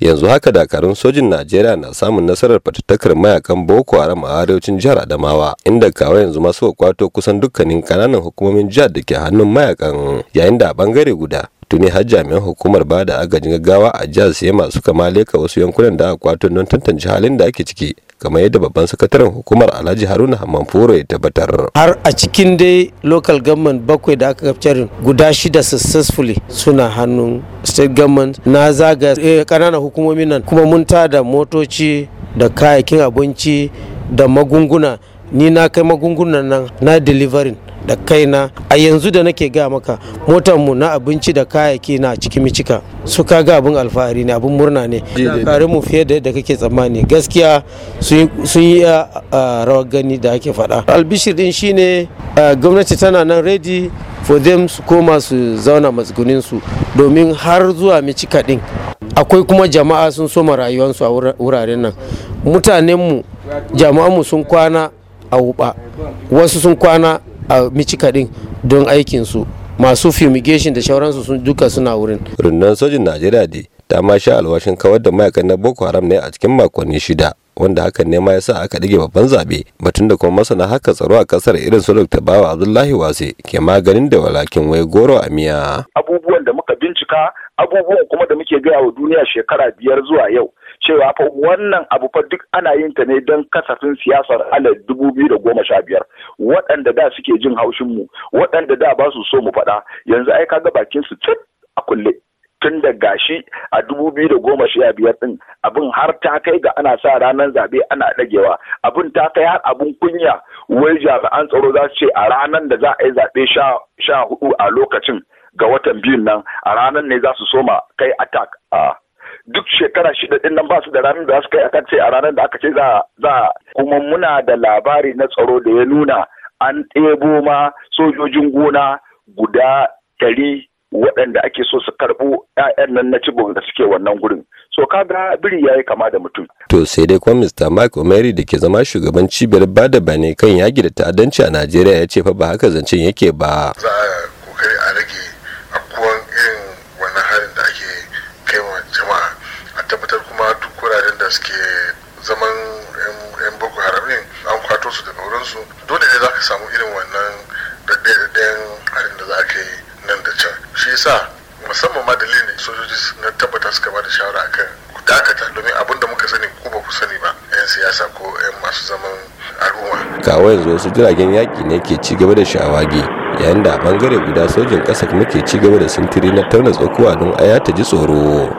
yanzu haka dakarun sojin najeriya na samun nasarar fatattakar mayakan boko haram a arewacin jihar adamawa inda kawo yanzu masu suka kwato kusan dukkanin kananan hukumomin jihar da ke hannun mayakan yayin da a bangare guda tuni har jami'an hukumar ba da agajin gaggawa a jihar sai masu kama leka wasu yankunan da aka kwato don tantance halin da ake ciki kamar yadda babban sakataren hukumar alhaji haruna hamman ya tabbatar har a cikin dai local government bakwai da aka capturing guda shida successfully suna hannun state government na zaga eh, kananan hukumomin nan kuma mun da motoci da kayakin abinci da magunguna ni na kai magungunan nan na delivering da kaina a yanzu da nake ga maka motar mu na abinci da kayayyaki na cikin micika su ka ga abin alfahari ne abin murna ne tare mu fiye da yadda kake tsammani gaskiya sun yi rawar gani da ake faɗa albishir din shine gwamnati tana nan ready for them su koma su zauna matsugunin su domin har zuwa micika din akwai kuma jama'a sun soma rayuwarsu a wuraren nan mutanenmu jama'anmu sun kwana a wuba wasu sun kwana a micika din don aikinsu masu fumigation da shauransu sun duka suna wurin rundunar sojin najeriya da ta ma sha alwashin kawar da mayakan na boko haram ne a cikin makonni shida wanda hakan ne ma yasa aka dige babban zabe batun da kuma masana haka tsaro a kasar irin su Dr. Bawa Abdullahi Wase ke maganin da walakin wai goro a miya abubuwan da muka bincika abubuwan kuma da muke gaya wa duniya shekara biyar zuwa yau cewa fa wannan abu fa duk ana yin ta ne don kasafin siyasar alal dubu biyu da goma sha biyar waɗanda da suke jin haushin mu waɗanda da ba su so mu faɗa yanzu ai kaga bakin su tun a kulle tun da gashi a dubu biyu da goma sha biyar ɗin abin har ta kai ga ana sa ranar zaɓe ana ɗagewa abin ta kai har abin kunya wai jami'an tsaro za su ce a ranar da za a yi zaɓe sha hudu a lokacin ga watan biyun nan a ranar ne za su soma kai attack a ah. duk shekara shida din nan ba da ranar da su kai akan ce a ranar da aka ce za za kuma muna da labari na tsaro da ya nuna an ɗebo ma sojojin gona guda ɗari waɗanda ake so su karɓo 'ya'yan nan na cibin da suke wannan gurin so kaga biri ya yi kama da mutum. to sai dai kuma mr mark omeri da ke zama shugaban cibiyar bada bane kan yaki da ta'addanci a najeriya ya ce fa ba haka zancen yake ba. suke zaman yan boko haram an kwato su da wurinsu dole ne za ka samu irin wannan daɗaɗaɗen harin da za ka yi nan da can shi yasa musamman ma dalilin da sojoji na tabbata suka ba da shawara akan ku dakata domin abin da muka sani ko ba ku sani ba 'yan siyasa ko 'yan masu zaman al'umma kawo yanzu wasu jiragen yaƙi ne ke ci gaba da shawage yayin da a bangare guda sojin ƙasa kuma ke ci gaba da sintiri na tauna tsakuwa don aya ta ji tsoro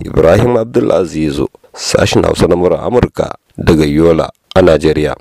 Ibrahim Abdulaziz sashin Hausa na Amurka daga Yola a Najeriya.